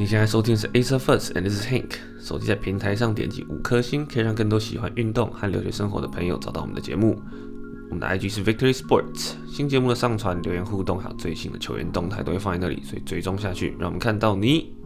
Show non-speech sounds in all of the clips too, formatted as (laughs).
你現在收聽的是 Ace of US，and this is Hank。手機在平台上點擊五顆星，可以讓更多喜歡運動和留學生活的朋友找到我們的節目。我們的 IG 是 Victory Sports。新節目的上傳、留言互動還有最新的球員動態都會放在那裡，所以追蹤下去，讓我們看到你。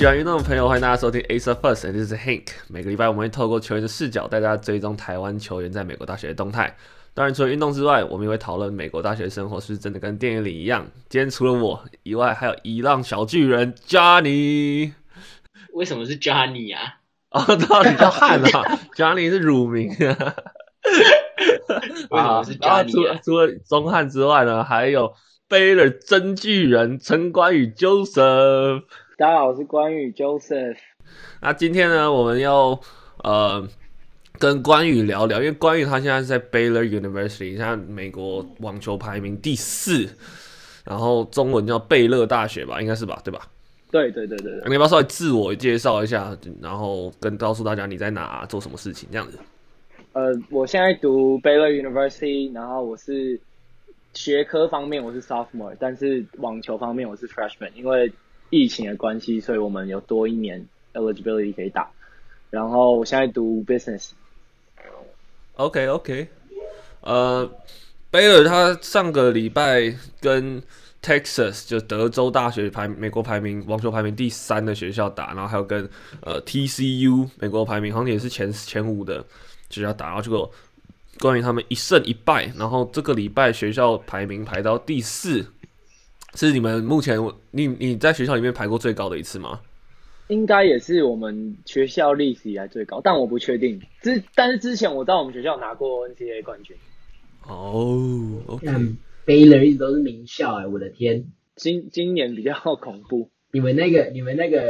喜歡運動的朋友，歡迎大家收聽《Ace of US》，and this is Hank。每個禮拜我們會透過球員的視角，帶大家追蹤台灣球員在美國大學的動態。當然，除了運動之外，我們也會討論美國大學生活是不是真的跟電影裡一樣。今天除了我以外，還有“一浪小巨人 ”Johnny。為什麼是 Johnny 啊？哦，到底叫漢啊 (laughs) ，Johnny 是乳名、啊。 (laughs) 為什麼是 Johnny？、啊啊、除了除了中漢之外呢，還有 “Baylor 真巨人與”陳觀宇 Joseph。大家好，我是觀宇 Joseph。那今天呢，我們要呃跟觀宇聊聊，因為觀宇他現在是在 Baylor University，現在美國網球排名第四，然後中文叫貝勒大學吧，應該是吧，對吧？對，對對對對。你要不要稍微自我介紹一下，然後跟告訴大家你在哪做什麼事情這樣子，呃，我現在讀 Baylor University，然後我是學科方面我是 Sophomore，但是網球方面我是 Freshman，因為。疫情的關係，所以我們有多一年 eligibility 可以打。然後我現在讀 business。OK OK。呃、uh,，Baylor、er、他上個禮拜跟 Texas 就德州大學排美國排名網球排名第三的學校打，然後還有跟呃 TCU 美國排名好像也是前前五的學校打，然後結果關於他們一勝一敗，然後這個禮拜學校排名排到第四。是你們目前你你在學校裡面排過最高的一次嗎？應該也是我們學校歷史以來最高，但我不確定。之但是之前我到我們學校拿過 NCAA 冠軍。哦，OK，嗯，Baylor 一直都是名校哎，我的天，今今年比較恐怖。你們那個你們那個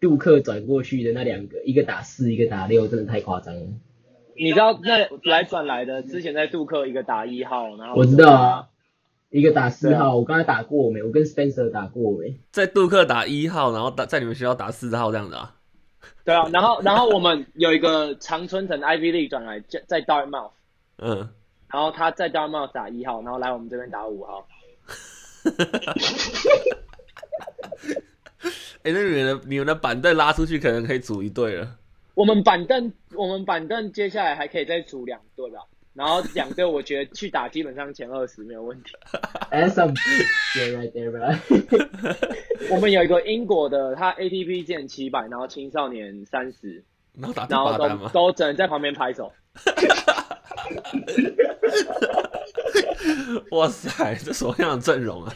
杜克轉過去的那兩個，一個打四，一個打六，真的太誇張了。你知道那來轉來的、嗯、之前在杜克一個打一號，然後我知道啊。一個打四號，啊、我剛才打過沒？我跟 Spencer 打過沒？在杜克打一號，然後打在你們學校打四號這樣的、啊。對啊，然後 (laughs) 然後我們有一個長春藤 Ivy League 轉來在 Dartmouth，嗯，然後他在 Dartmouth 打一號，然後來我們這邊打五號。哈哈哈！哈哈！哈哈！哎，那你們的你們的板凳拉出去可能可以組一隊了。我們板凳，我們板凳接下來還可以再組兩隊吧 (laughs) 然後兩隊，我覺得去打基本上前二十沒有問題。a h t right, right。我們有一個英國的，他 ATP 進七百，然後青少年三十，然後打，然後都都只能在旁邊拍手。 (laughs) (laughs) 哇塞，這什麼樣的陣容啊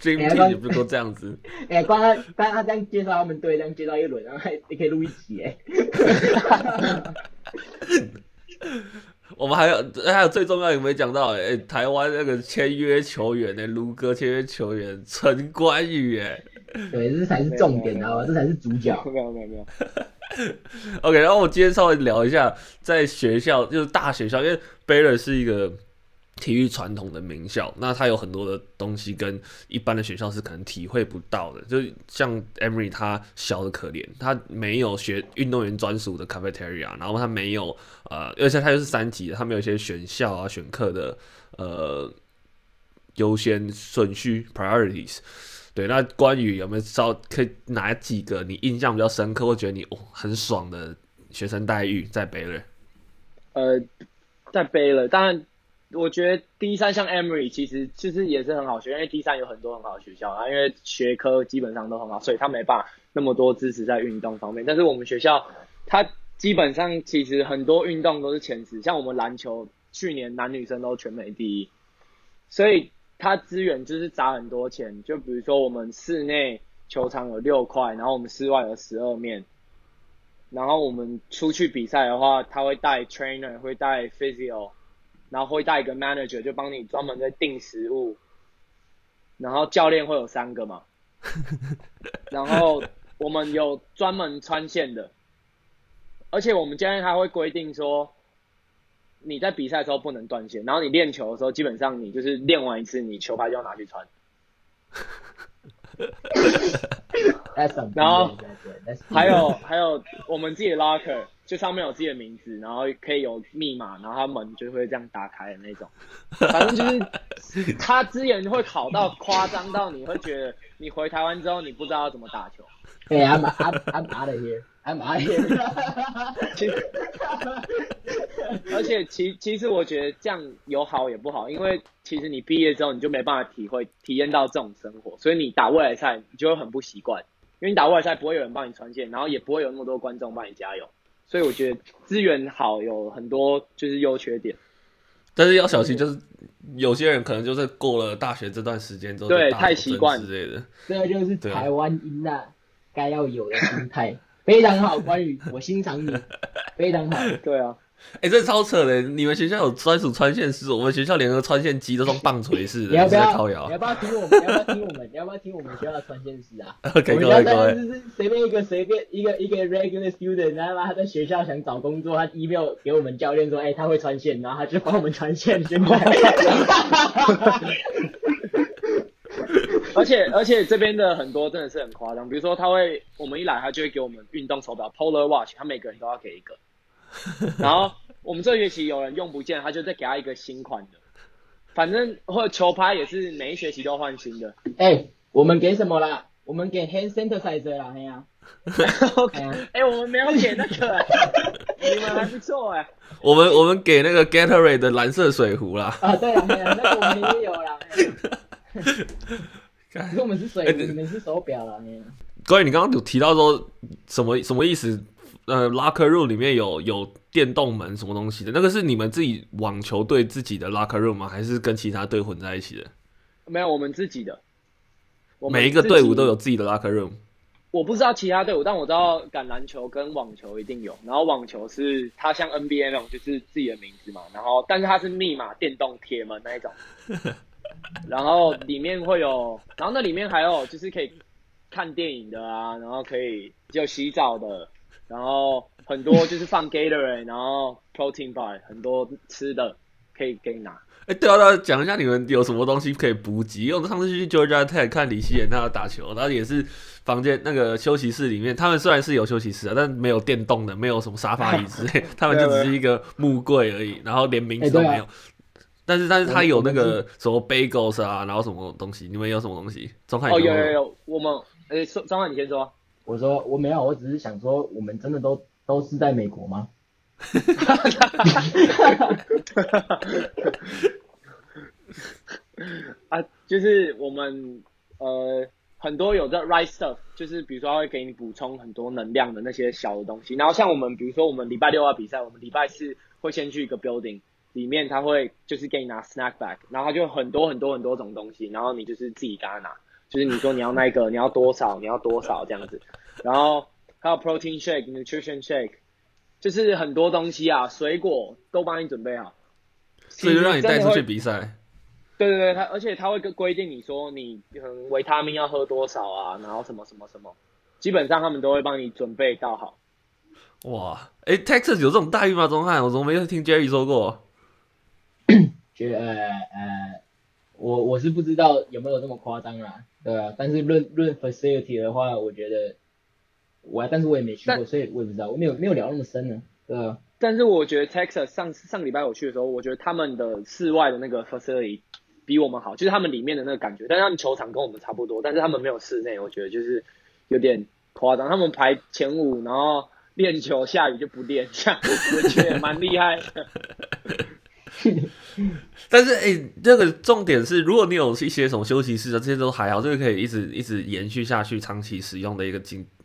？Dream Team 也不都這樣子？哎，光、欸、他關他這樣介紹他們隊，這樣介紹一輪，然後還可以錄一集哎、欸。 (laughs) (laughs) 我們還有還有最重要有沒有講到誒、欸？台灣那個簽約球員呢？盧哥簽約球員陳觀宇誒，對，這才是重點哦、啊，這才是主角。沒有沒有沒有。OK，然後我今天稍微聊一下，在學校就是大學校，因為貝勒是一個。體育傳統的名校，那它有很多的東西跟一般的學校是可能體會不到的。就像 Emory，它小得可憐，它沒有學運動員專屬的 cafeteria，然後它沒有呃，而且它又是三級的，它沒有一些選校啊、選課的呃優先順序 priorities。對，那關於有沒有稍可以哪幾個你印象比較深刻，或覺得你、哦、很爽的學生待遇在 Baylor 呃，在 Baylor，當然。我覺得 D 三像 Emory，其實其實也是很好學，因為 D 三有很多很好的學校啊，因為學科基本上都很好，所以他沒辦法那麼多支持在運動方面。但是我們學校，它基本上其實很多運動都是前十，像我們籃球去年男女生都全美第一，所以它資源就是砸很多錢。就比如說我們室內球場有六塊，然後我們室外有十二面，然後我們出去比賽的話，他會帶 trainer，會帶 physio。然後會帶一個 manager，就幫你專門在訂食物。然後教練會有三個嘛，然後我們有專門穿線的，而且我們教練他會規定說，你在比賽的時候不能斷線。然後你練球的時候，基本上你就是練完一次，你球拍就要拿去穿。然後還有，還有還有我們自己的 locker。就上面有自己的名字，然後可以有密碼，然後他門就會這樣打開的那種。反正就是他之前會考到誇張到你會覺得你回台灣之後你不知道要怎麼打球。對啊，I'm I I'm out of here. (laughs) 而且其其實我覺得這樣有好也不好，因為其實你畢業之後你就沒辦法體會體驗到這種生活，所以你打未來賽你就會很不習慣，因為你打未來賽不會有人幫你穿線，然後也不會有那麼多觀眾幫你加油。所以我覺得資源好有很多就是優缺點，但是要小心，就是有些人可能就是過了大學這段時間之後，對太習慣之類的，對這就是台灣音吶該要有的心態。 (laughs) 非常好，觀宇，我欣賞你，非常好， (laughs) 對啊。哎、欸，這超扯的！你們學校有專屬穿線師，我們學校連個穿線機都像棒槌似的。 (laughs) 你要不要？你要不要聽？我們？ (laughs) 你要不要聽？我們？ (laughs) 你要不要聽我們學校的穿線師啊？Okay, 我們現在就是隨便一個隨便一個一個，一個 regular student，然後嘛他在學校想找工作，他 email 給我們教練說，哎、欸，他會穿線，然後他就幫我們穿線。現在，而且而且這邊的很多真的是很誇張，比如說他會我們一來，他就會給我們運動手表 Polar Watch，他每個人都要給一個。 (laughs) 然後我們這學期有人用不見，他就再給他一個新款的。反正或者球拍也是每一學期都換新的。哎、欸，我們給什麼啦？我們給 Hand synthesizer 啦，哎呀。OK。哎，我們沒有給那個、欸， (laughs) 你們還不錯哎、欸。我們我們給那個 Gatorade 的藍色水壺啦。 (laughs) 啊，對啊，對啊，那個我們也有啦。啊、 (laughs) (laughs) 可是我們是水壺，欸、你們是手錶啦。啊、各位，你剛剛有提到說什麼什麼意思？呃，locker room 裡面有有電動門什麼東西的，那個是你們自己網球隊自己的 locker room 嗎？還是跟其他隊混在一起的？沒有，我們自己的。我們自己，每一個隊伍都有自己的 locker room。我不知道其他隊伍，但我知道，橄欖球跟網球一定有。然後網球是它像 NBA 那種，就是自己的名字嘛。然後，但是它是密碼電動鐵門那一種。 (laughs) 然後裡面會有，然後那裡面還有就是可以看電影的啊，然後可以就洗澡的。然後很多就是放 Gatorade， (laughs) 然後 protein bar，很多吃的可以給你拿。哎，對啊，那講一下你們有什麼東西可以補給。因為我們上次去 Georgia Tech 看李希言他打球，然後也是房間那個休息室裡面，他們雖然是有休息室啊，但沒有電動的，沒有什麼沙發椅子， (laughs) 他們就只是一個木櫃而已， (laughs) 啊啊啊、然後連名字都沒有。啊、但是但是他有那個什麼 bagels 啊，然後什麼東西？你們有什麼東西？張翰，哦，有有有，我們，哎，說張翰你先說。我說我沒有，我只是想說，我們真的都都是在美國嗎？哈哈哈。啊，就是我們呃很多有的 rice stuff，就是比如說他會給你補充很多能量的那些小的東西。然後像我們，比如說我們禮拜六要比賽，我們禮拜四會先去一個 building 裡面，他會就是給你拿 snack bag，然後他就很多很多很多種東西，然後你就是自己跟他拿。就是你說你要那個， (laughs) 你要多少，你要多少這樣子，然後還有 protein shake、nutrition shake，就是很多東西啊，水果都幫你準備好，所以就讓你帶出去比賽。對對對他，他而且他會規定你說你可能維他命要喝多少啊，然後什麼什麼什麼，基本上他們都會幫你準備到好。哇，哎、欸、，Texas 有這種待遇嗎？鍾漢，我怎麼沒有聽 Jerry 說過。這， (coughs) 呃，呃。我我是不知道有沒有這麼誇張啦，對啊，但是論論 facility 的話，我覺得我還但是我也沒去過，但所以我也不知道，我沒有沒有聊那麼深呢，對啊。但是我覺得 Texas 上上禮拜我去的時候，我覺得他們的室外的那個 facility 比我們好，就是他們裡面的那個感覺，但是他們球場跟我們差不多，但是他們沒有室內，我覺得就是有點誇張。他們排前五，然後練球下雨就不練，這樣我覺得也蠻厲害。 (laughs) (laughs) 但是，哎、欸，這、那個重點是，如果你有一些什麼休息室啊，這些都還好，這個可以一直一直延續下去，長期使用的一個經。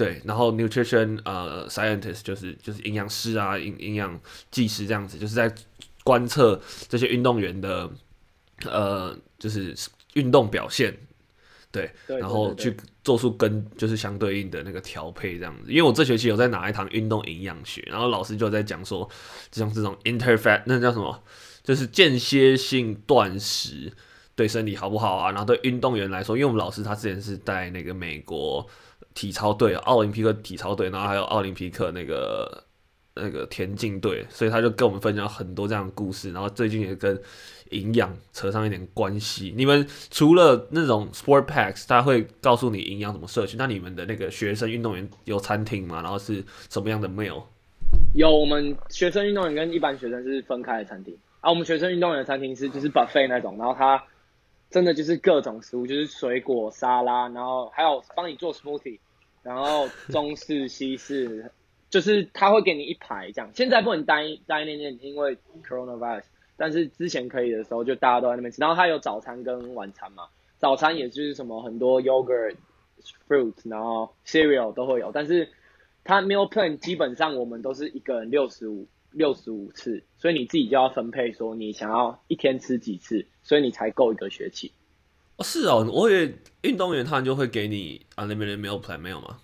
對，然後 nutrition 呃 scientist 就是就是營養師啊，營營養技師這樣子，就是在觀測這些運動員的呃就是運動表現，對，對然後去做出跟就是相對應的那個調配這樣子。因為我這學期有在拿一堂運動營養學，然後老師就在講說，像這種 interfat 那叫什麼，就是間歇性斷食，對身體好不好啊？然後對運動員來說，因為我們老師他之前是在那個美國。體操隊、奧林匹克體操隊，然後還有奧林匹克那個那個田徑隊，所以他就跟我們分享很多這樣的故事。然後最近也跟營養扯上一點關係。你們除了那種 sport packs，他會告訴你營養怎麼攝取。那你們的那個學生運動員有餐廳嗎？然後是什麼樣的 meal？有，我們學生運動員跟一般學生是分開的餐廳啊。我們學生運動員的餐廳是就是 buffet 那種，然後他。真的就是各種食物，就是水果沙拉，然後還有幫你做 smoothie，然後中式西式， (laughs) 就是他會給你一排這樣。現在不能單一單一那件，因為 coronavirus，但是之前可以的時候，就大家都在那邊吃。然後他有早餐跟晚餐嘛，早餐也就是什麼很多 yogurt、fruit，然後 cereal 都會有，但是他 meal plan 基本上我們都是一個人六十五。六十五次，所以你自己就要分配，說你想要一天吃幾次，所以你才夠一個學期。哦，是哦，我以為，運動員他們就會給你 unlimited meal plan，沒有嗎？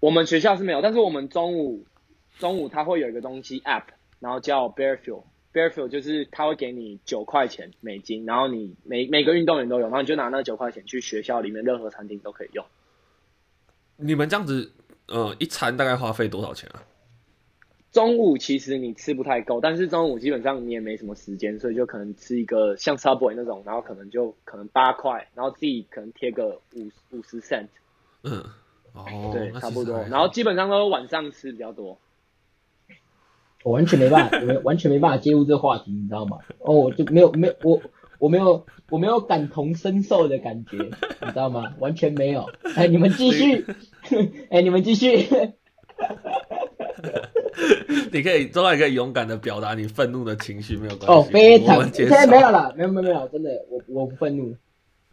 我們學校是沒有，但是我們中午中午他會有一個東西 app，然後叫 Bear Fuel, Bear Fuel，Bear Fuel 就是他會給你九塊錢美金，然後你每每個運動員都有，然後你就拿那九塊錢去學校裡面任何餐廳都可以用。你們這樣子，呃，一餐大概花費多少錢啊？中午其實你吃不太夠，但是中午基本上你也沒什麼時間，所以就可能吃一個像 Subway 那種，然後可能就可能八塊，然後自己可能貼個五五十 cent，嗯，哦，對，差不多，然後基本上都晚上吃比較多。我完全沒辦法，我完全沒辦法接入這個話題，你知道嗎？哦、oh，我就沒有，沒我我沒有，我沒有感同身受的感覺，你知道嗎？完全沒有。哎，你們繼續， (laughs) 哎，你們繼續。 (laughs) (laughs) 你可以，當然也可以勇敢地表達你憤怒的情緒，沒有關係。哦，oh, 非常，現在沒有啦，沒有，沒有，沒有，真的，我我不憤怒，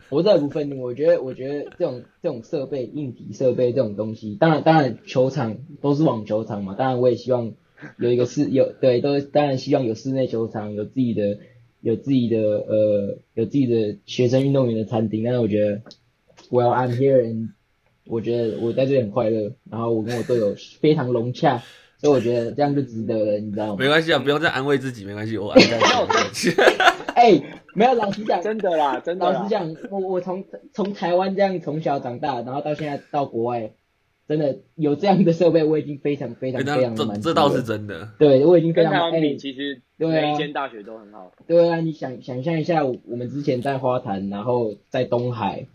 我真的不憤怒。我覺得，我覺得這種這種設備，硬體設備這種東西，當然，當然，球場都是網球場嘛。當然，我也希望有一個室，有對都，當然希望有室內球場，有自己的，有自己的，呃，有自己的學生運動員的餐廳。但是我覺得，Well I'm here，and 我覺得我在這裡很快樂，然後我跟我隊友非常融洽。 (laughs) 所以我覺得這樣就值得了，你知道嗎？沒關係啊，不用再安慰自己，沒關係，我還在。哎、 (laughs) 欸，沒有老實講， (laughs) 真的啦，真的。老實講，我我從從台灣這樣從小長大，然後到現在到國外，真的有這樣的設備，我已經非常非常非常滿足、欸。這倒是真的，對，我已經非常。跟他們。其實對每一間大學都很好。對啊，你想想象一下，我們之前在花壇，然後在東海。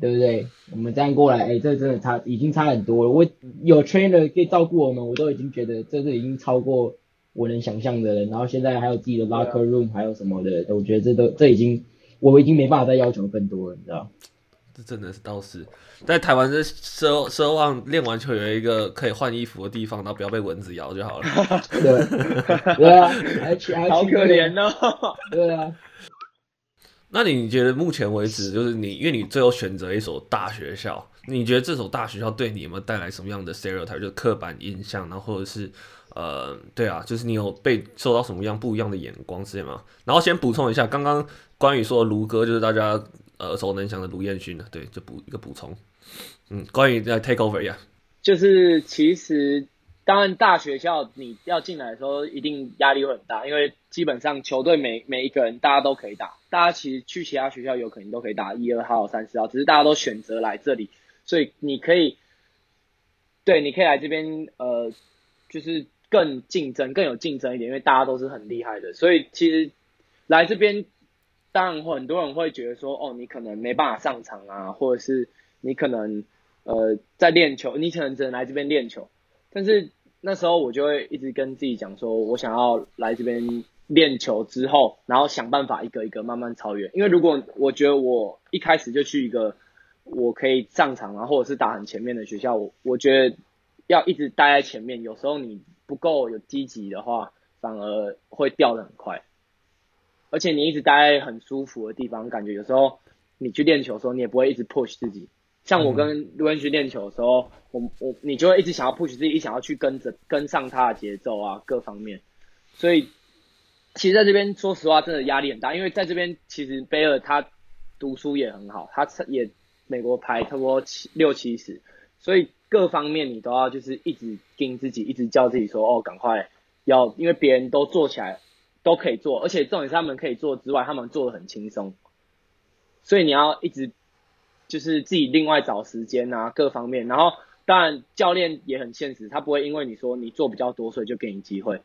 對不對？我們這樣過來，哎，這真的差，已經差很多了。我有 trainer 可以照顧我們，我都已經覺得這是已經超過我能想象的了。然後現在還有自己的 locker room，還有什麼的，我覺得這都這已經，我已經沒辦法再要求更多了，你知道？這真的是倒是在台灣，這奢奢望練完球有一個可以換衣服的地方，然後不要被蚊子咬就好了。 (laughs) 對，對啊， (laughs) 好可憐的哦，對啊。那你覺得目前為止，就是你，因為你最後選擇一所大學校，你覺得這所大學校對你有沒有帶來什麼樣的 stereotype，就刻板印象，然後或者是，呃，對啊，就是你有被受到什麼樣不一樣的眼光是嗎？然後先補充一下，剛剛關於說盧哥，就是大家耳熟能詳的盧彥勳呢，對，就補一個補充。嗯，關於在 take over 呀、yeah.，就是其實。當然，大學校你要進來的時候，一定壓力會很大，因為基本上球隊每每一個人，大家都可以打。大家其實去其他學校有可能都可以打一、二號、三四號，只是大家都選擇來這裡，所以你可以，對，你可以來這邊，呃，就是更競爭、更有競爭一點，因為大家都是很厲害的。所以其實來這邊，當然很多人會覺得說，哦，你可能沒辦法上場啊，或者是你可能，呃，在練球，你可能只能來這邊練球，但是。那時候我就會一直跟自己講說，我想要來這邊練球之後，然後想辦法一個一個慢慢超越。因為如果我覺得我一開始就去一個我可以上場啊，然後或者是打很前面的學校，我我覺得要一直待在前面。有時候你不夠有積極的話，反而會掉得很快。而且你一直待在很舒服的地方，感覺有時候你去練球的時候，你也不會一直 push 自己。像我跟盧恩旭練球的時候，我我你就會一直想要 push 自己，一想要去跟着跟上他的節奏啊，各方面。所以，其實在這邊說實話，真的壓力很大，因為在這邊其實貝爾他讀書也很好，他也美國排差不多七六七十，所以各方面你都要就是一直盯自己，一直叫自己說哦，趕快要，因為別人都做起來都可以做，而且重點是他們可以做之外，他們做的很輕鬆，所以你要一直。就是自己另外找時間啊，各方面。然後當然教練也很現實，他不會因為你說你做比較多，所以就給你機會。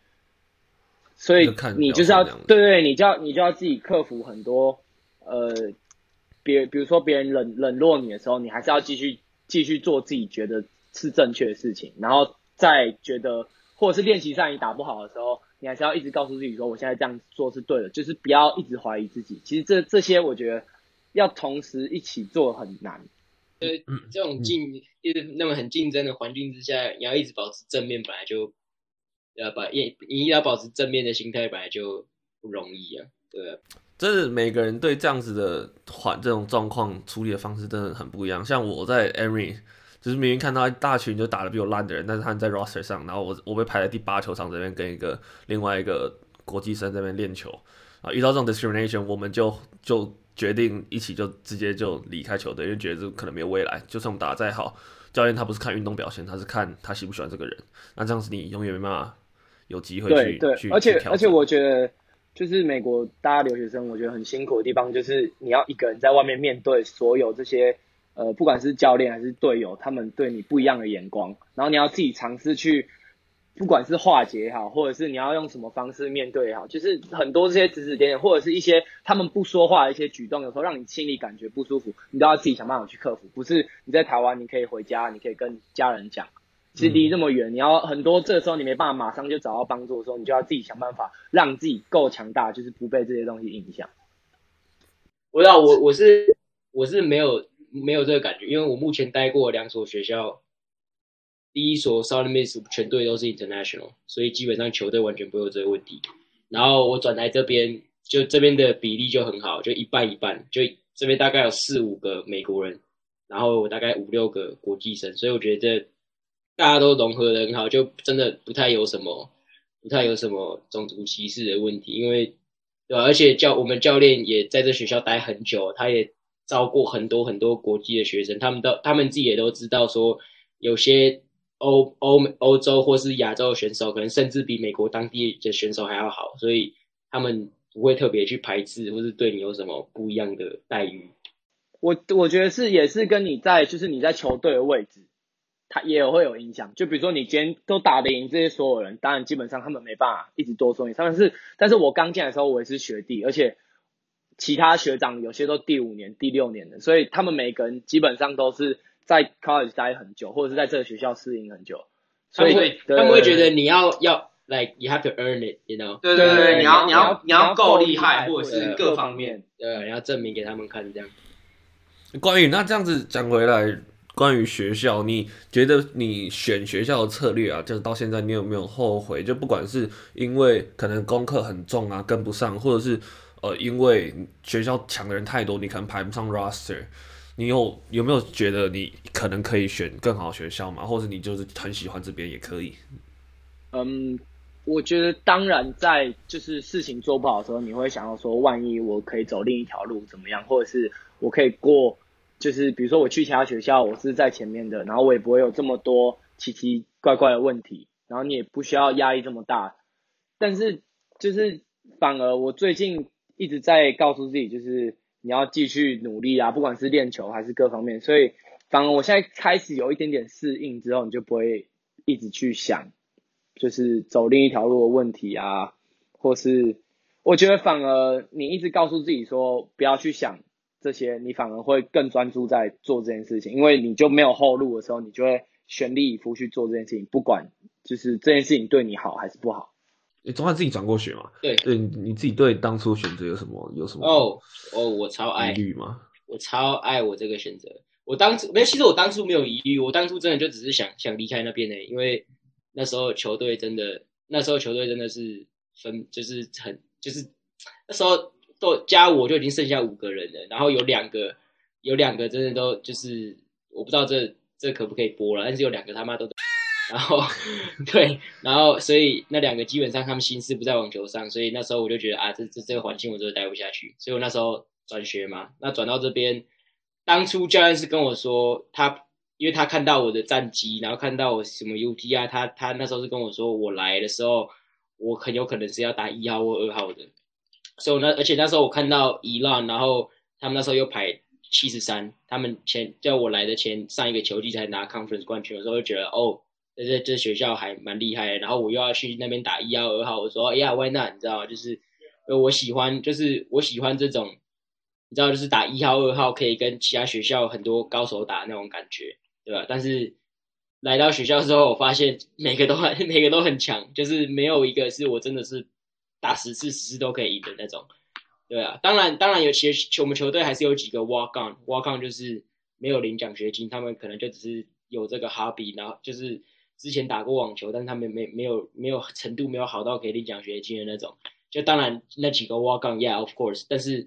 所以你就是要對對，你就要你就要自己克服很多。呃，別比，比如說別人冷冷落你的時候，你還是要繼續繼續做自己覺得是正確的事情。然後再覺得或者是練習上你打不好的時候，你還是要一直告訴自己說，我現在這樣做是對的，就是不要一直懷疑自己。其實這這些我覺得。要同時一起做很難，對、嗯，嗯嗯、這種競那麼很競爭的環境之下，你要一直保持正面本來就，要把一你要保持正面的心態本來就不容易啊，對，真的每個人對這樣子的環這種狀況處理的方式真的很不一樣。像我在 Amir，就是明明看到一大群就打得比我爛的人，但是他們在 Roster 上，然後我我被排在第八球場這邊跟一個另外一個國際生這邊練球，啊，遇到這種 discrimination，我們就就。決定一起就直接就離開球隊，因為覺得這可能沒有未來。就算我們打得再好，教練他不是看運動表現，他是看他喜不喜歡這個人。那這樣子你永遠沒辦法有機會去，對對，去而且而且，去挑戰，而且我覺得就是美國，大家留學生我覺得很辛苦的地方，就是你要一個人在外面面對所有這些呃，不管是教練還是隊友，他們對你不一樣的眼光，然後你要自己嘗試去。不管是化解也好，或者是你要用什麼方式面對也好，就是很多這些指指點點，或者是一些他們不說話的一些舉動，有時候讓你心裡感覺不舒服，你都要自己想辦法去克服。不是你在台灣，你可以回家，你可以跟家人講。其實離這麼遠，你要很多這時候你沒辦法馬上就找到幫助的時候，你就要自己想辦法讓自己夠強大，就是不被這些東西影響。不要，我我是我是沒有沒有這個感覺，因為我目前待過兩所學校。第一所 Southern Miss，全隊都是 International，所以基本上球隊完全不會有這個問題。然後我轉來這邊，就這邊的比例就很好，就一半一半，就這邊大概有四五個美國人，然後我大概五六個國際生，所以我覺得大家都融合得很好，就真的不太有什麼，不太有什麼種族歧視的問題，因為對吧、啊？而且教我們教練也在這學校待很久，他也招過很多很多國際的學生，他們都他們自己也都知道說有些。歐歐美歐洲或是亞洲的選手，可能甚至比美國當地的選手還要好，所以他們不會特別去排斥，或是對你有什麼不一樣的待遇。我我覺得是，也是跟你在就是你在球隊的位置，他也會有影響。就比如說你今天都打得贏這些所有人，當然基本上他們沒辦法一直多說你。他們是，但是我剛進來的時候，我也是學弟，而且其他學長有些都第五年、第六年的，所以他們每個人基本上都是。在 college 待很久，或者是在這個學校適應很久，所以他們會覺得你要要，like you have to earn it，you know？對，對對對，對你要你要你要，你要夠厲害，厲害或者是各方面，方面嗯、對，你要證明給他們看這樣。關於那這樣子講回來，關於學校，你覺得你選學校的策略啊，就是到現在你有沒有後悔？就不管是因為可能功課很重啊，跟不上，或者是呃，因為學校搶的人太多，你可能排不上 roster。你有有沒有覺得你可能可以選更好的學校嗎？或者你就是很喜歡這邊也可以。嗯，我覺得當然，在就是事情做不好的時候，你會想要說，萬一我可以走另一條路怎麼樣？或者是我可以過，就是比如說我去其他學校，我是在前面的，然後我也不會有這麼多奇奇怪怪的問題，然後你也不需要壓力這麼大。但是就是反而我最近一直在告訴自己，就是。你要繼續努力啊，不管是練球還是各方面，所以反而我現在開始有一點點適應之後，你就不會一直去想，就是走另一條路的問題啊，或是我覺得反而你一直告訴自己說不要去想這些，你反而會更專注在做這件事情，因為你就沒有後路的時候，你就會全力以赴去做這件事情，不管就是這件事情對你好還是不好。你昨晚自己轉過學嗎？對對，你自己對當初選擇有什麼有什麼？哦哦，我超愛疑慮嗎？我超愛我這個選擇。我當初沒有，其實我當初沒有疑慮。我當初真的就只是想想離開那邊呢、欸，因為那時候球隊真的，那時候球隊真的是分，就是很就是那時候都加我就已經剩下五個人了。然後有兩個有兩個真的都就是我不知道這這可不可以播了，但是有兩個他媽都。 (laughs) 然後，對，然後所以那兩個基本上他們心思不在網球上，所以那時候我就覺得啊，這這這個環境我真的待不下去，所以我那時候轉學嘛。那轉到這邊，當初教練是跟我說他，因為他看到我的戰績，然後看到我什麼 UTR 啊，他他那時候是跟我說我來的時候，我很有可能是要打一號或二號的。所以我那而且那時候我看到 Elon，然後他們那時候又排七十三，他們前叫我來的前上一個球季才拿 Conference 冠軍，我就覺得哦。就是這學校還蠻厲害的，然後我又要去那邊打一號二號，我說哎呀，why not？你知道就是，呃，我喜歡，就是我喜歡這種，你知道，就是打一號二號可以跟其他學校很多高手打那種感覺，對吧？但是來到學校之後，我發現每個都很每個都很強，就是沒有一個是我真的是打十次十次都可以贏的那種，對啊。當然，當然有，其實球我們球隊還是有幾個 walk on，walk on 就是沒有領獎學金，他們可能就只是有這個 hobby，然後就是。之前打過網球，但是他們沒沒有沒有程度沒有好到可以領獎學金的那種。就當然那幾個 walk-on，Yeah of course，但是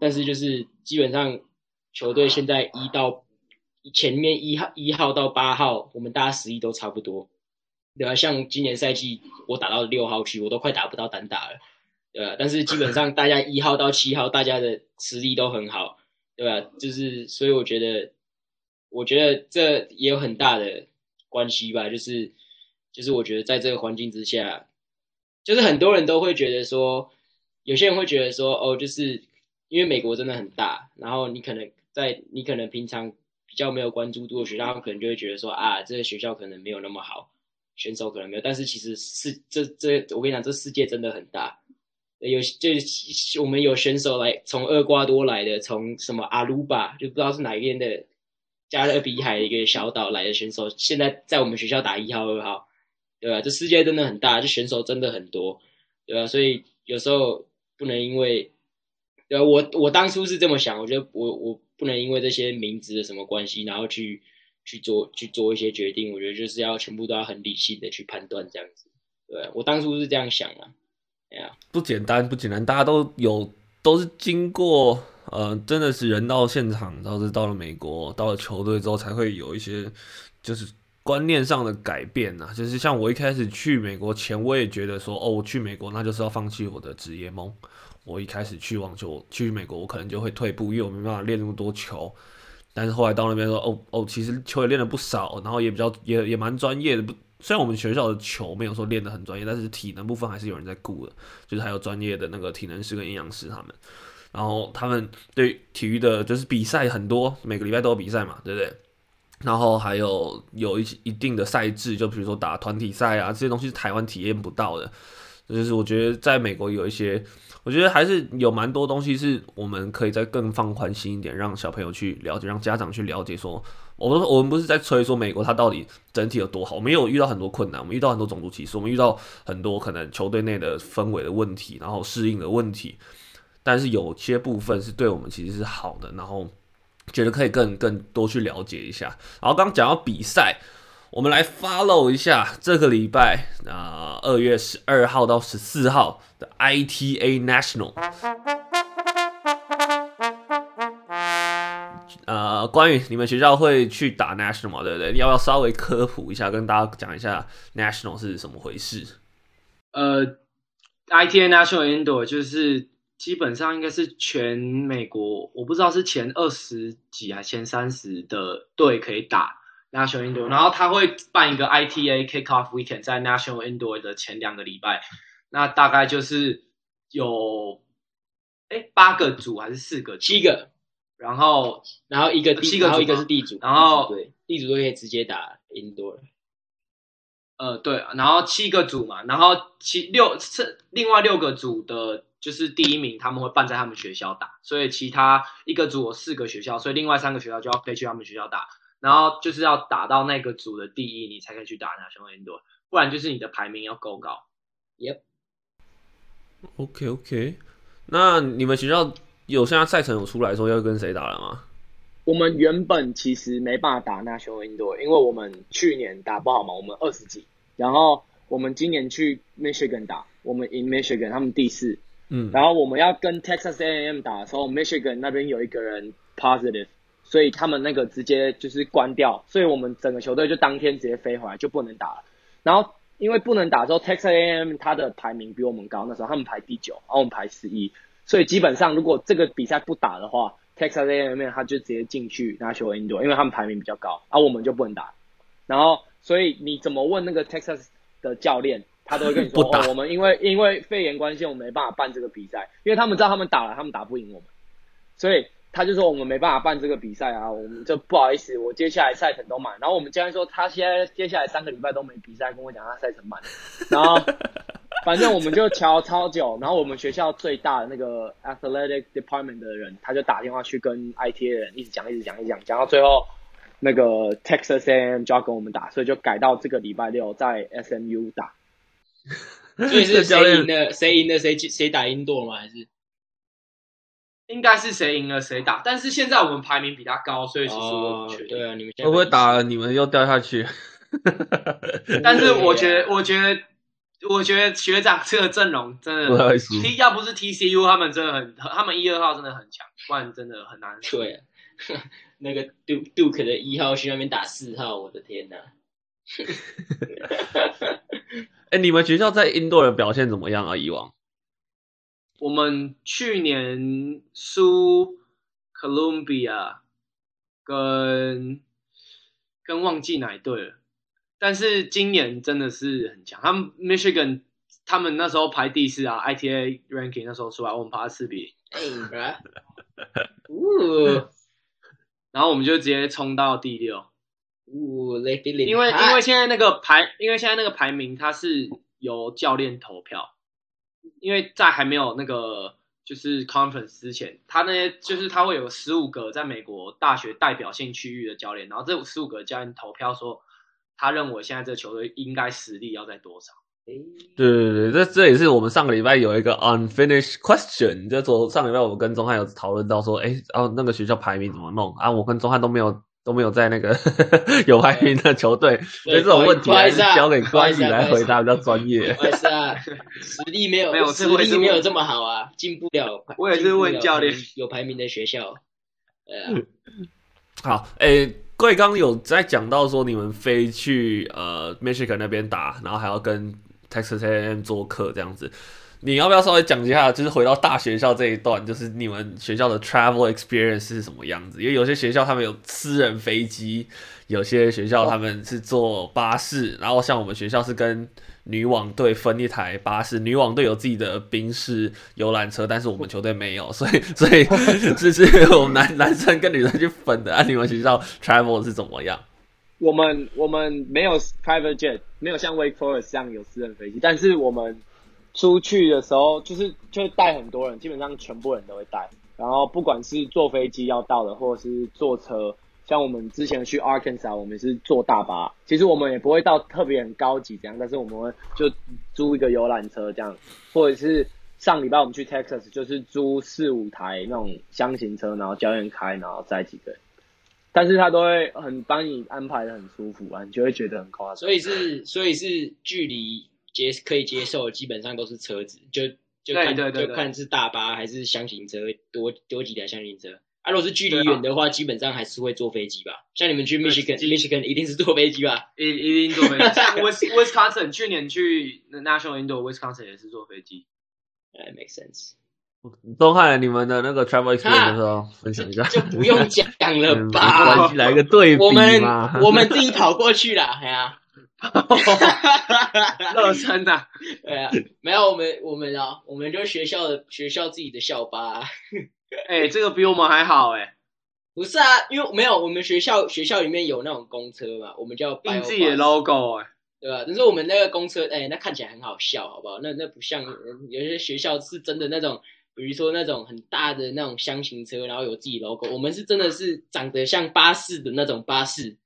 但是就是基本上球隊現在一到前面一號一號到八號，我們大家實力都差不多，對吧？像今年賽季我打到六號區，我都快打不到單打了，對吧？但是基本上大家一號到七號，大家的實力都很好，對吧？就是所以我覺得我覺得這也有很大的。關係吧，就是，就是我覺得在這個環境之下，就是很多人都會覺得說，有些人會覺得說，哦，就是因為美國真的很大，然後你可能在你可能平常比較沒有關注度的學校他們可能就會覺得說啊，這個學校可能沒有那麼好，選手可能沒有，但是其實是這這我跟你講，這世界真的很大，有就是我們有選手來從厄瓜多來的，從什麼阿魯巴就不知道是哪一邊的。加勒比海一個小島來的選手，現在在我們學校打一號、二號，對吧？這世界真的很大，這選手真的很多，對吧？所以有時候不能因為，對吧，我我當初是這麼想，我覺得我我不能因為這些名字的什麼關係，然後去去做去做一些決定。我覺得就是要全部都要很理性的去判斷，這樣子。對吧，我當初是這樣想的啊。哎呀，不簡單，不簡單，大家都有都是經過。呃，真的是人到現場，然後是到了美國，到了球隊之後才會有一些，就是觀念上的改變吶、啊。就是像我一開始去美國前，我也覺得說，哦，我去美國那就是要放棄我的職業夢。我一開始去網球去美國，我可能就會退步，因為我沒辦法練那麼多球。但是後來到那邊說，哦哦，其實球也練了不少，然後也比較也也蠻專業的。不，雖然我們學校的球沒有說練得很專業，但是體能部分還是有人在顧的，就是還有專業的那個體能師跟營養師他們，然後他們對體育的就是比賽很多，每個禮拜都有比賽嘛，對不對？然後還有有一一定的賽制，就比如說打團體賽啊，這些東西是台灣體驗不到的，就是我覺得在美國有一些，我覺得還是有蠻多東西是我們可以再更放寬心一點，讓小朋友去了解，讓家長去了解說。說我們我們不是在吹說美國它到底整體有多好，我們有遇到很多困難，我們遇到很多種族歧視，我們遇到很多可能球隊內的氛圍的問題，然後適應的問題。但是有些部分是對我們其實是好的，然後覺得可以更更多去了解一下。然後剛剛講到比賽，我們來 follow 一下這個禮拜啊，呃、二月十二號到十四號的 ITA National。 (music) 呃、關於你們學校會去打 National 嗎？對不對？要不要稍微科普一下，跟大家講一下 National 是什麼回事？呃，ITA National Indoor 就是。基本上應該是全美國，我不知道是前二十幾還是前三十的隊可以打 National Indoor，然後他會辦一個 ITA Kickoff Weekend 在 National Indoor 的前兩個禮拜，那大概就是有，哎、欸、八個組還是四個組七個，然後然後一個地，七個然後一個是地主，然後對地主都可以直接打 Indoor。呃對、啊，然後七個組嘛，然後七六是另外六個組的。就是第一名，他們會辦在他們學校打，所以其他一個組有四個學校，所以另外三個學校就要可以去他們學校打。然後就是要打到那個組的第一，你才可以去打 National Indoor，不然就是你的排名要夠高。耶、yep.。OK OK，那你們學校有現在賽程有出來的時候要跟誰打了嗎？我們原本其實沒辦法打 National Indoor，因為我們去年打不好嘛，我們二十幾，然後我們今年去 Michigan 打，我們贏 Michigan，他們第四。嗯，然後我們要跟 Texas A&M 打的時候，Michigan 那邊有一個人 positive，所以他們那個直接就是關掉，所以我們整個球隊就當天直接飛回來，就不能打了。然後因為不能打之後，Texas A&M 它的排名比我們高，那時候他們排第九，而我們排十一，所以基本上如果這個比賽不打的話，Texas A&M 它就直接進去拿球 Indo，因為他們排名比較高，啊，而我們就不能打。然後所以你怎麼問那個 Texas 的教練？他都會跟你說，打哦、我們因為因為肺炎關係，我們沒辦法辦這個比賽。因為他們知道他們打了，他們打不贏我們，所以他就說我們沒辦法辦這個比賽啊，我們就不好意思，我接下來賽程都滿，然後我們竟然說他現在接下來三個禮拜都沒比賽，跟我講他賽程滿，然後反正我們就吵超久。 (laughs) 然後我們學校最大的那個 athletic department 的人，他就打電話去跟 ITA 的人一直，一直講，一直講，一直講，講到最後那個 Texas A&M 就要跟我們打，所以就改到這個禮拜六在 SMU 打。 (laughs) 所以是誰贏了，誰贏 (laughs) 了誰誰打 Indoor 嗎？還是應該是誰贏了誰打？但是現在我們排名比他高，所以其實我不確定。對啊，你們會不會打了？你們又掉下去。 (laughs) 但是我覺得， (laughs) 我覺得，我覺得學長這個陣容真的，T 要不是 TCU，他們真的很，他們一、二號真的很強，不然真的很難受。對啊，那個 Duke 的一號去那邊打四號，我的天哪！哎、 (laughs) 欸，你們學校在 Indoor 的表現怎麼樣啊？以往，我們去年輸 Columbia，跟跟忘記哪一隊了。但是今年真的是很強，他們 Michigan，他們那時候排第四啊，ITA ranking 那時候出來，我們排第四比、 (laughs) 哦、然後我們就直接衝到第六。因為因為現在那個排，因為現在那個排名，它是由教練投票。因為在還沒有那個就是 conference 之前，他那些就是他會有十五個在美國大學代表性區域的教練，然後這十五個教練投票說，他認為現在這球隊應該實力要在多少？誒。對對對，這這也是我們上個禮拜有一個 unfinished question，就說上禮拜我跟鍾漢有討論到說，誒，哦、啊，那個學校排名怎麼弄啊？我跟鍾漢都沒有。都沒有在那個 (laughs) 有排名的球隊對，所以這種問題還是交給觀宇來回答，啊啊啊、回答比較專業不、啊。實力沒有，沒有 (laughs) 實力沒有這麼好啊，進不了。我也是問教練有排名的學校。呃、啊，好，誒、欸，貴剛有在講到說你們飛去呃 Michigan 那邊打，然後還要跟 Texas A&M 做客這樣子。你要不要稍微講一下？就是回到大學校這一段，就是你們學校的 travel experience 是什麼樣子？因為有些學校他們有私人飛機，有些學校他們是坐巴士。然後像我們學校是跟女網隊分一台巴士，女網隊有自己的賓士遊覽車，但是我們球隊沒有，所以所以就是我們男男生跟女生去分的。啊，你們學校 travel 是怎麼樣？我們我們沒有 private jet，沒有像 Wake Forest 這樣有私人飛機，但是我們。出去的時候就是就會帶很多人，基本上全部人都會帶。然後不管是坐飛機要到的，或者是坐車，像我們之前去 Arkansas，我們也是坐大巴。其實我們也不會到特別很高級這樣，但是我們會就租一個遊覽車這樣，或者是上禮拜我們去 Texas 就是租四五台那種箱型車，然後教練開，然後載幾個人。但是他都會很幫你安排的很舒服啊，你就會覺得很誇張。所以是所以是距離。接可以接受，基本上都是車子，就就看就看是大巴還是廂型車，多多幾台廂型車。啊，如果是距離遠的話，啊、基本上還是會坐飛機吧。像你們去 Michigan，Michigan 對 Michigan 一定是坐飛機吧？一一定坐飛機。 (laughs) Wisconsin 去年去 National Indoor Wisconsin 也是坐飛機。哎，makes sense。我，看了你們的那個 travel experience 分享、啊、一下就。就不用講了吧？嗯、來個對比 (laughs) 我們我們自己跑過去啦，哎呀。哈哈哈哈哈！樂山的、啊， (laughs) 對啊，沒有我們，我們呢、啊，我們就學校的學校自己的校巴、啊。哎、 (laughs) 欸，這個比我們還好哎、欸。不是啊，因為沒有我們學校學校裡面有那種公車嘛，我們叫印自己的 logo 哎、欸，對吧、啊？但是我們那個公車哎、欸，那看起來很好笑，好不好？那那不像有些學校是真的那種，比如說那種很大的那種箱型車，然後有自己 logo。我們是真的是長得像巴士的那種巴士。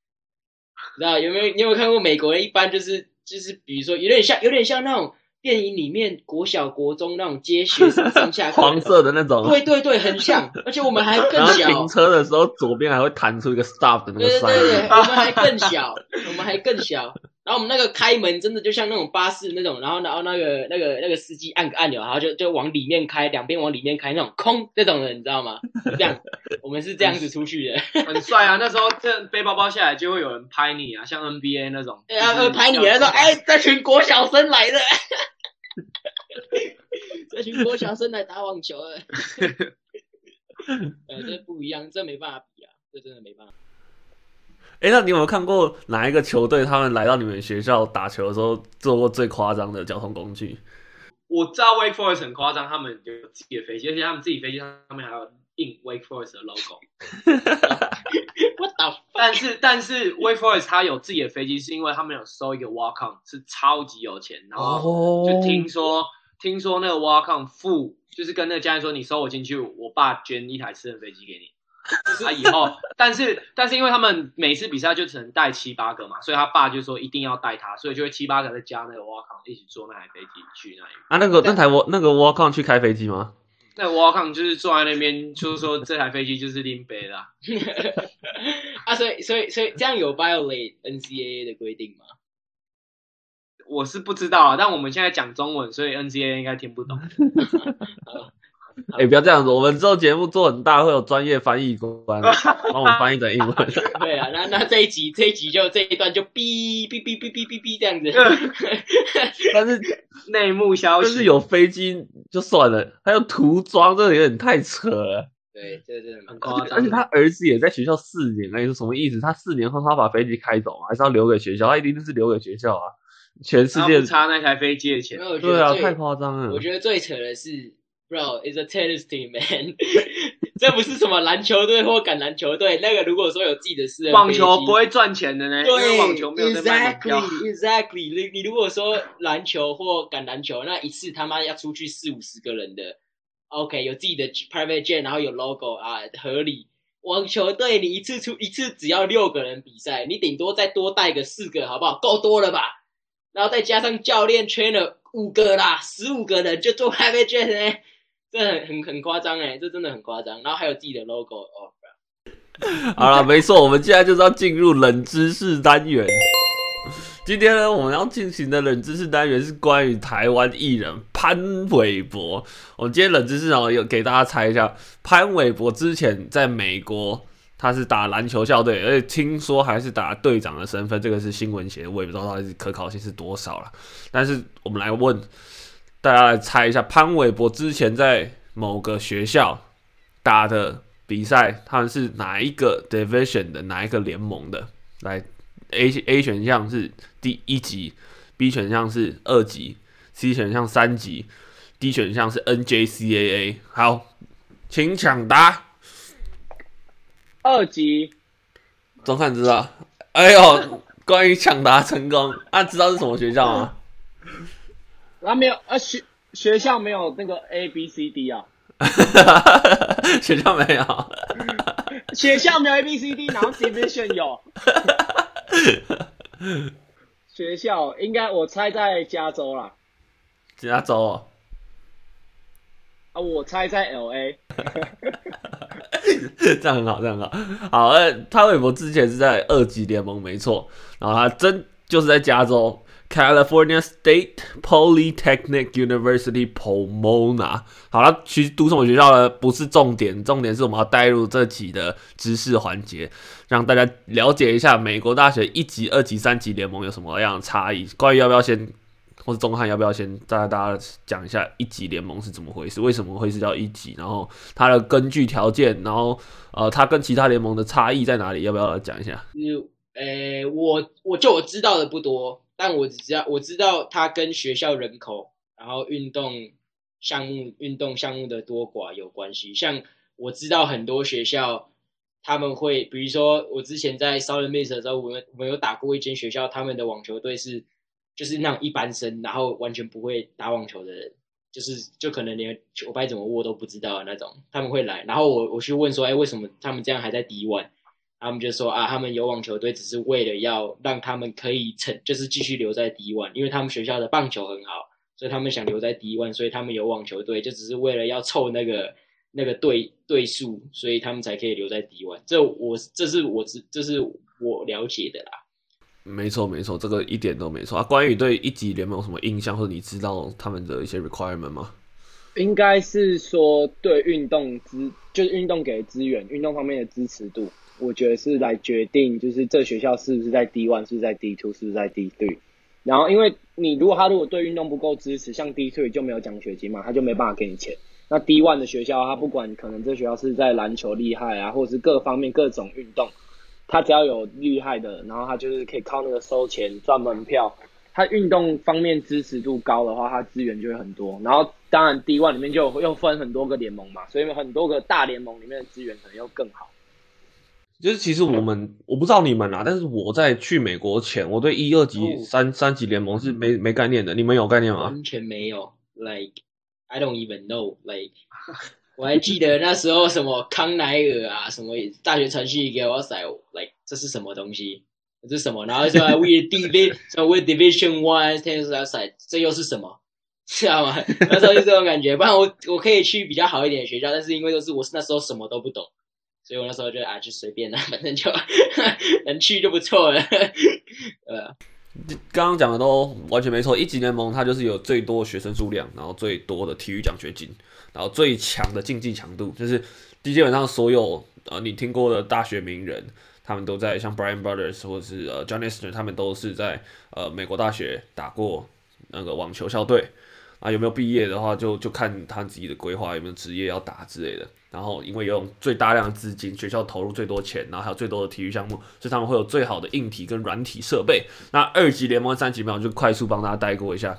那 (laughs) 知道有沒有？你有沒有看過？美國人一般就是就是，比如說，有點像有點像那種電影裡面國小國中那種接學生上下課的， (laughs) 黃色的那種， (laughs) 對對對，很像。而且我們還更小。 (laughs) 停車的時候左邊還會彈出一個 stop 的那個聲音。對對對，我們還更小， (laughs) 我們還更小。然後我們那個開門真的就像那種巴士那種，然後然後那個那個、那個、那個司機按個按鈕，然後就就往裡面開，兩邊往裡面開那種空這種的，你知道嗎？這樣， (laughs) 我們是這樣子出去的，很帥啊！那時候這背包包下來就會有人拍你啊，像 NBA 那種，對啊，你你拍你，那時候哎，誒這群國小生來了， (laughs) (laughs) 這群國小生來打網球了。 (laughs) ”誒，這不一樣，這沒辦法比啊，這真的沒辦法比。哎、欸，那你有沒有看過哪一個球隊他們來到你們學校打球的時候做過最誇張的交通工具？我知道 Wake Forest 很誇張，他們有自己的飛機，而且他們自己飛機上面還有印 Wake Forest 的 logo。 (laughs) (laughs) What the？fuck? 但是但是 Wake Forest 他有自己的飛機，是因為他們有收一個 walk-on，是超級有錢。然後就聽說、oh、聽說那個 walk-on 父，就是跟那個家人說：“你收我進去，我爸捐一台私人飛機給你。”就是他以後，但是但是因為他們每次比賽就只能帶七八個嘛，所以他爸就說一定要帶他，所以就會七八個再加那個 walk-on 一起坐那台飛機去那裡。啊，那個那台瓦在那個 walk-on 去開飛機嗎？那 walk-on 就是坐在那邊， (laughs) 就是說這台飛機就是拎北的啊。 (laughs) 啊，所以所以所以這樣有 violate NCAA 的規定嗎？我是不知道啊，但我們現在講中文，所以 NCAA 應該聽不懂。 (laughs) 哎、欸，不要這樣子！我們之後節目做很大，會有專業翻譯官幫我們翻譯成英文。 (laughs) (laughs) 對啊，那那這一集這一集就這一段就嗶嗶嗶嗶嗶嗶嗶這樣子。 (laughs) 但是內幕消息就是有飛機就算了，還有塗裝，真的有點太扯了。對，對，對，很誇張。而且他兒子也在學校四年了，你說什麼意思？他四年後他把飛機開走，還是要留給學校？他一定是留給學校啊！全世界他不差那台飛機的錢。對啊，太誇張了。我覺得最扯的是。Bro, it's a tennis team, man？ (laughs) 這不是什麼籃球隊或橄欖球隊。那個如果說有自己的事，網球不會賺錢的呢？對，因為網球沒有那麼高。Exactly，你、exactly. 你如果說籃球或橄欖球，那一次他媽要出去四五十個人的。OK，有自己的 private jet，然後有 logo 啊，合理。網球隊你一次出一次只要六個人比賽，你頂多再多帶個四個好不好？夠多了吧？然後再加上教練 trainer 五個啦，十五個人就坐 private jet 呢？這很很很誇張哎，這真的很誇張。然後還有自己的 logo 哦、oh。好了，沒錯，我們現在就是要進入冷知識單元。今天呢，我們要進行的冷知識單元是關於台灣藝人潘瑋柏。我們今天冷知識然後喔，有給大家猜一下，潘瑋柏之前在美國他是打籃球校隊，而且聽說還是打隊長的身份。這個是新聞寫的，我也不知道他的可考性是多少了。但是我們來問。大家來猜一下，潘瑋柏之前在某個學校打的比賽，他們是哪一個 division 的，哪一個聯盟的？來，A A 選項是第一級，B 選項是二級，C 選項三級，D 選項是 NJCAA。好，請搶答。二級，總算知道。哎呦， (laughs) 關於搶答成功，啊，知道是什麼學校嗎？然、啊、沒有，呃、啊，學學校沒有那個 A B C D 啊， (laughs) 學校沒有，學校沒有 A B C D，然後 Division 有， (laughs) 學校應該我猜在加州啦，加州，啊，我猜在 L A， (laughs) (laughs) 這樣很好，這樣好好，潘瑋柏之前是在二級聯盟沒錯，然後他真就是在加州。California State Polytechnic University Pomona，好了，其實讀什麼學校呢？不是重點，重點是我們要帶入這集的知識環節，讓大家了解一下美國大學一級、二級、三級聯盟有什麼樣的差異。關於要不要先，或是中漢要不要先，大家大家講一下一級聯盟是怎麼回事，為什麼會是叫一級，然後它的根據條件，然後呃，它跟其他聯盟的差異在哪裡？要不要來講一下？呃，我我就我知道的不多。但我只知道，我知道它跟學校人口，然後運動項目、運動項目的多寡有關係。像我知道很多學校，他們會，比如說我之前在 Southern Miss 的時候，我們我們有打過一間學校，他們的網球隊是就是那種一般生，然後完全不會打網球的人，就是就可能連球拍怎麼握都不知道的那種，他們會來，然後我我去問說，哎，為什麼他們這樣還在 D1？他們就說啊，他們有網球隊，只是為了要讓他們可以成，就是繼續留在 D1，因為他們學校的棒球很好，所以他們想留在 D1，所以他們有網球隊，就只是為了要湊那個那個隊隊數，所以他們才可以留在 D1。這我這是我知這是我了解的啦。沒錯沒錯，這個一點都沒錯啊。關於對於一級聯盟有什麼印象，或者你知道他們的一些 requirement 嗎？應該是說，對運動資，就是運動給的資源，運動方面的支持度。我覺得是來決定，就是這學校是不是在 D one，是不是在 D two，是不是在 D three。然後因為你如果他如果對運動不夠支持，像 D three 就沒有獎學金嘛，他就沒辦法給你錢。那 D one 的學校，他不管可能這學校是在籃球厲害啊，或者是各方面各種運動，他只要有厲害的，然後他就是可以靠那個收錢賺門票。他運動方面支持度高的話，他資源就會很多。然後當然 D one 裡面就又分很多個聯盟嘛，所以很多個大聯盟裡面的資源可能又更好。就是其實我們我不知道你們啊，但是我在去美國前，我對一二級、三三級聯盟是沒沒概念的。你們有概念嗎？完全沒有，like I don't even know。like (laughs) 我還記得那時候什麼康奈爾啊，什麼大學程序給我塞，like 這是什麼東西？這是什麼？然後說 we division，we division one，tennis，這又是什麼？知道嗎？那時候就這種感覺。不然我我可以去比較好一點的學校，但是因為都是我那時候什麼都不懂。所以我那時候就啊，就隨便的，反正就能去就不錯了。呃，剛剛講的都完全沒錯。一級聯盟它就是有最多學生數量，然後最多的體育獎學金，然後最強的競技強度，就是基本上所有呃你聽過的大學名人，他們都在像 Brian Brothers 或者是呃 John Isner，他們都是在呃美國大學打過那個網球校隊。啊，有沒有畢業的話就，就就看他自己的規劃，有沒有職業要打之類的。然後，因為有最大量的資金，學校投入最多錢，然後還有最多的體育項目，所以他們會有最好的硬體跟軟體設備。那二級聯盟、三級聯盟就快速幫大家帶過一下。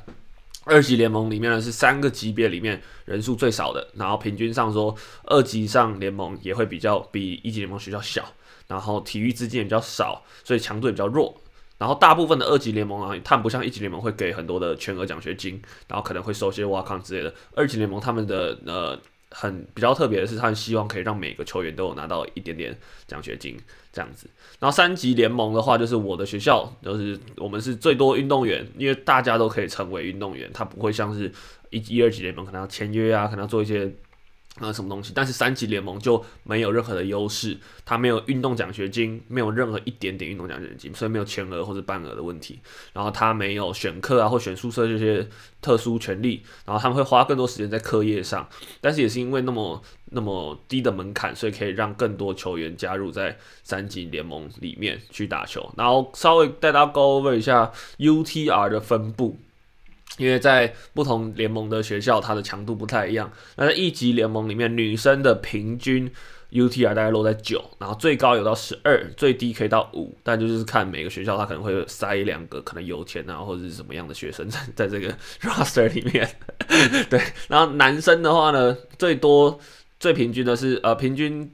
二級聯盟裡面呢是三個級別裡面人數最少的，然後平均上說，二級以上聯盟也會比較比一級聯盟學校小，然後體育資金也比較少，所以強度也比較弱。然後大部分的二級聯盟啊，它不像一級聯盟會給很多的全額獎學金，然後可能會收些挖坑之類的。二級聯盟他們的呃。很比較特別的是，他希望可以讓每個球員都有拿到一點點獎學金這樣子。然後三級聯盟的話，就是我的學校，就是我們是最多運動員，因為大家都可以成為運動員，他不會像是一一二級聯盟可能要簽約啊，可能要做一些。啊，什麼東西？但是三級聯盟就沒有任何的優勢，他沒有運動獎學金，沒有任何一點點運動獎學金，所以沒有全額或者半額的問題。然後他沒有選課啊或選宿舍這些特殊權利。然後他們會花更多時間在課業上，但是也是因為那麼那麼低的門檻，所以可以讓更多球員加入在三級聯盟裡面去打球。然後稍微帶大家 go over 一下 UTR 的分布。因為在不同聯盟的學校，它的強度不太一樣。那在一級聯盟裡面，女生的平均 UTR 大概落在九，然後最高有到十二，最低可以到五。但就是看每個學校，它可能會塞兩個可能有錢啊或者是什麼樣的學生在在這個 roster 裡面。對，然後男生的話呢，最多最平均的是呃平均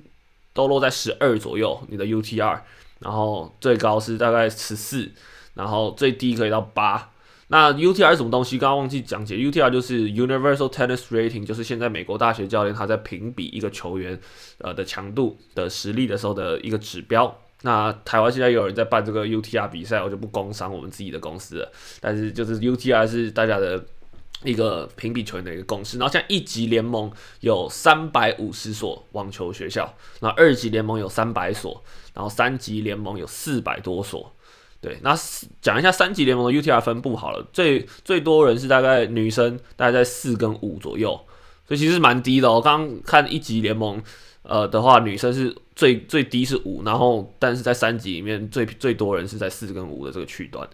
都落在十二左右，你的 UTR，然後最高是大概十四，然後最低可以到八。那 U T R 是什麼東西？剛剛忘記講解。U T R 就是 Universal Tennis Rating，就是現在美國大學教練他在評比一個球員呃的強度的實力的時候的一個指標。那台灣現在又有人在辦這個 U T R 比賽，我就不工商我們自己的公司了。但是就是 U T R 是大家的一個評比球員的一個共識。然後像一級聯盟有三百五十所網球學校，然後二級聯盟有三百所，然後三級聯盟有四百多所。對，那講一下三級聯盟的 UTR 分布好了。最最多人是大概女生大概在四跟五左右，所以其實蠻低的哦。我剛剛看一級聯盟，呃的話，女生是最最低是五，然後但是在三級裡面最最多人是在四跟五的這個區段。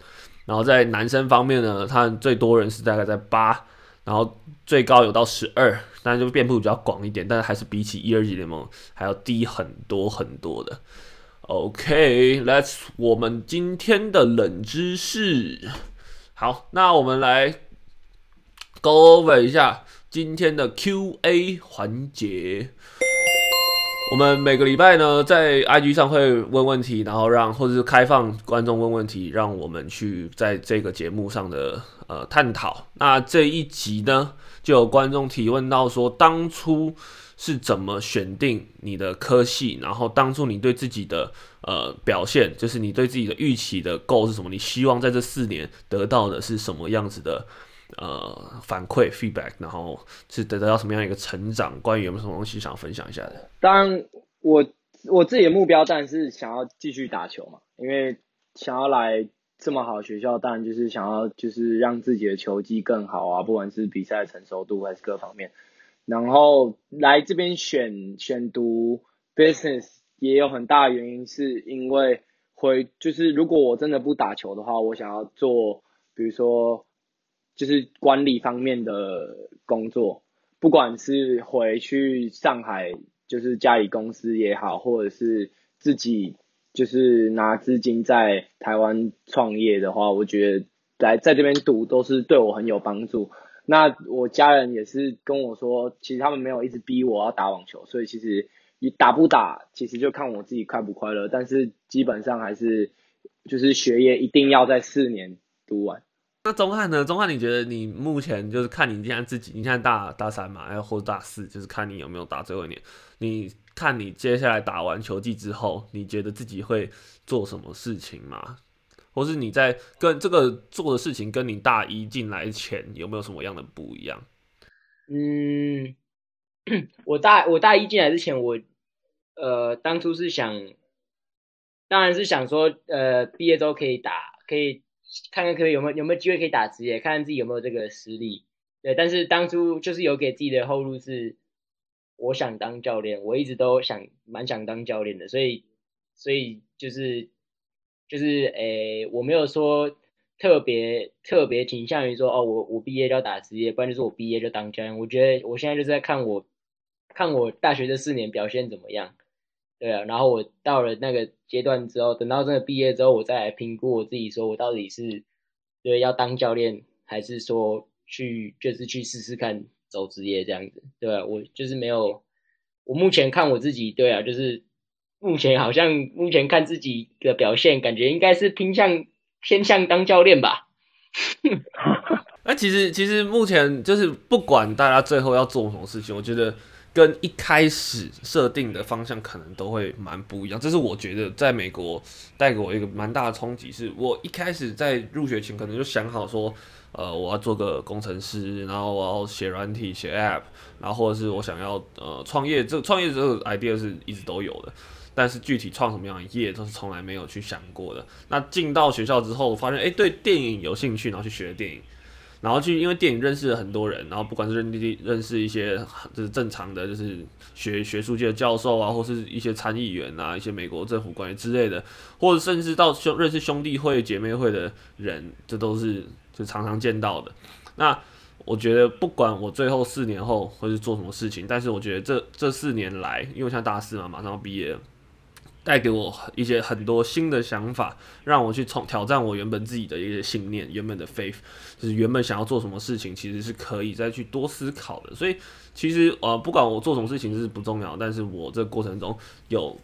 然後在男生方面呢，他最多人是大概在八，然後最高有到十二，但是就遍布比較廣一點，但是還是比起一二級聯盟還要低很多很多的。OK，Let's、okay, 我們今天的冷知識。好，那我們來，go over 一下今天的 Q&A 環節。我們每個禮拜呢，在 IG 上會問問題，然後讓或者是開放觀眾問問題，讓我們去在這個節目上的呃探討。那這一集呢，就有觀眾提問到說，當初是怎麼選定你的科系？然後當初你對自己的呃表現，就是你對自己的預期的 goal 是什麼？你希望在這四年得到的是什麼樣子的？呃，反饋 feedback，然後是得到什麼樣一個成長？關於有沒有什麼東西想分享一下的？當然，我我自己的目標當然是想要繼續打球嘛，因為想要來這麼好的學校，當然就是想要就是讓自己的球技更好啊，不管是比賽的成熟度還是各方面。然後來這邊選選讀 business 也有很大的原因，是因為會就是如果我真的不打球的話，我想要做比如說。就是管理方面的工作，不管是回去上海，就是家裡公司也好，或者是自己就是拿資金在台灣創業的話，我覺得來在這邊讀都是對我很有幫助。那我家人也是跟我說，其實他們沒有一直逼我要打網球，所以其實你打不打，其實就看我自己快不快樂，但是基本上還是就是學業一定要在四年讀完。那鍾漢呢？鍾漢，你覺得你目前就是看你現在自己，你現在大大三嘛，然後或者大四，就是看你有沒有打最後一年。你看你接下來打完球季之後，你覺得自己會做什麼事情嗎？或是你在跟這個做的事情，跟你大一進來前有沒有什麼樣的不一樣？嗯，我大我大一進來之前我，我呃當初是想，當然是想說，呃，畢業之後可以打，可以。看看可以有沒有有沒有機會可以打職業，看看自己有沒有這個實力。對，但是當初就是有給自己的後路是，我想當教練，我一直都想蠻想當教練的，所以所以就是就是誒、欸，我沒有說特別特別傾向於說哦，我我畢業就要打職業，不然就是我畢業就當教練。我覺得我現在就是在看我看我大學這四年表現怎麼樣。對啊，然後我到了那個階段之後，等到這個畢業之後，我再來評估我自己，說我到底是對要當教練，還是說去就是去試試看走職業這樣子，對啊，我就是沒有，我目前看我自己，對啊，就是目前好像目前看自己的表現，感覺應該是偏向偏向當教練吧。那 (laughs) 其實其實目前就是不管大家最後要做什麼事情，我覺得。跟一開始設定的方向可能都會蠻不一樣，這是我覺得在美國帶給我一個蠻大的衝擊。是我一開始在入學前可能就想好說，呃，我要做個工程師，然後我要寫軟體、寫 App，然後或者是我想要呃創業，這創業這個 idea 是一直都有的，但是具體創什麼樣的業都是從來沒有去想過的。那進到學校之後，發現誒、欸，對電影有興趣，然後去學電影。然後就因為電影認識了很多人，然後不管是認認識一些就是正常的就是學學術界的教授啊，或是一些參議員啊，一些美國政府官員之類的，或者甚至到兄認識兄弟會、姐妹會的人，這都是就常常見到的。那我覺得不管我最後四年後會是做什麼事情，但是我覺得這這四年來，因為我現在大四嘛，馬上要畢業了。帶給我一些很多新的想法，讓我去從挑戰我原本自己的一些信念，原本的 faith，就是原本想要做什麼事情，其實是可以再去多思考的。所以其實呃，不管我做什麼事情是不重要，但是我這過程中有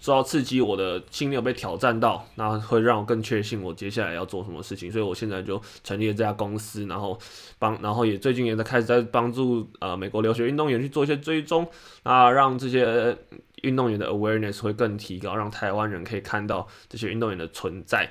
受到刺激，我的信念被挑戰到，那會讓我更確信我接下來要做什麼事情。所以我現在就成立了這家公司，然後幫，然後也最近也在開始在幫助呃美國留學運動員去做一些追蹤，啊，讓這些。呃運動員的 awareness 會更提高，讓台灣人可以看到這些運動員的存在。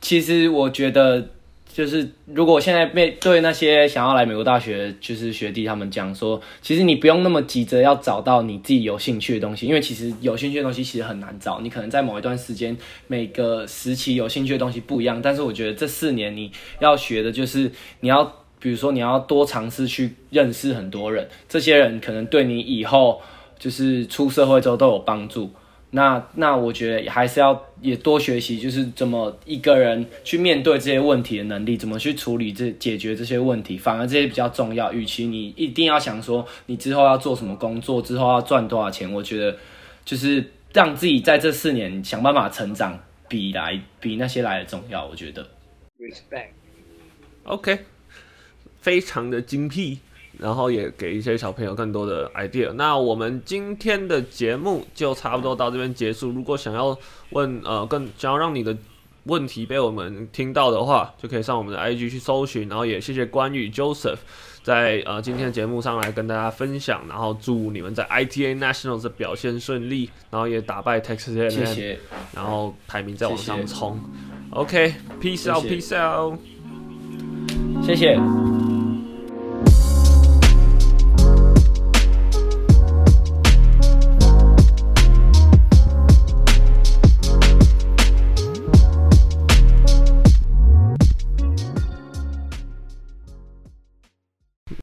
其實我覺得，就是如果我現在面對那些想要來美國大學就是學弟他們講說，其實你不用那麼急着要找到你自己有興趣的東西，因為其實有興趣的東西其實很難找。你可能在某一段時間，每個時期有興趣的東西不一樣。但是我覺得這四年你要學的就是，你要比如說你要多嘗試去認識很多人，這些人可能對你以後。就是出社會之後都有幫助。那那我覺得還是要也多學習，就是怎麼一個人去面對這些問題的能力，怎麼去處理這解決這些問題，反而這些比較重要。與其你一定要想說你之後要做什麼工作，之後要賺多少錢，我覺得就是讓自己在這四年想辦法成長，比來比那些來的重要。我覺得。Respect. OK，非常的精闢。然後也給一些小朋友更多的 idea。那我們今天的節目就差不多到這邊結束。如果想要問呃更想要讓你的問題被我們聽到的話，就可以上我們的 IG 去搜尋。然後也謝謝觀宇 Joseph 在呃今天的節目上來跟大家分享。然後祝你們在 ITA Nationals 的表現順利，然後也打敗 Texas，謝謝。然後排名再往上衝。OK，peace out，peace out。謝謝。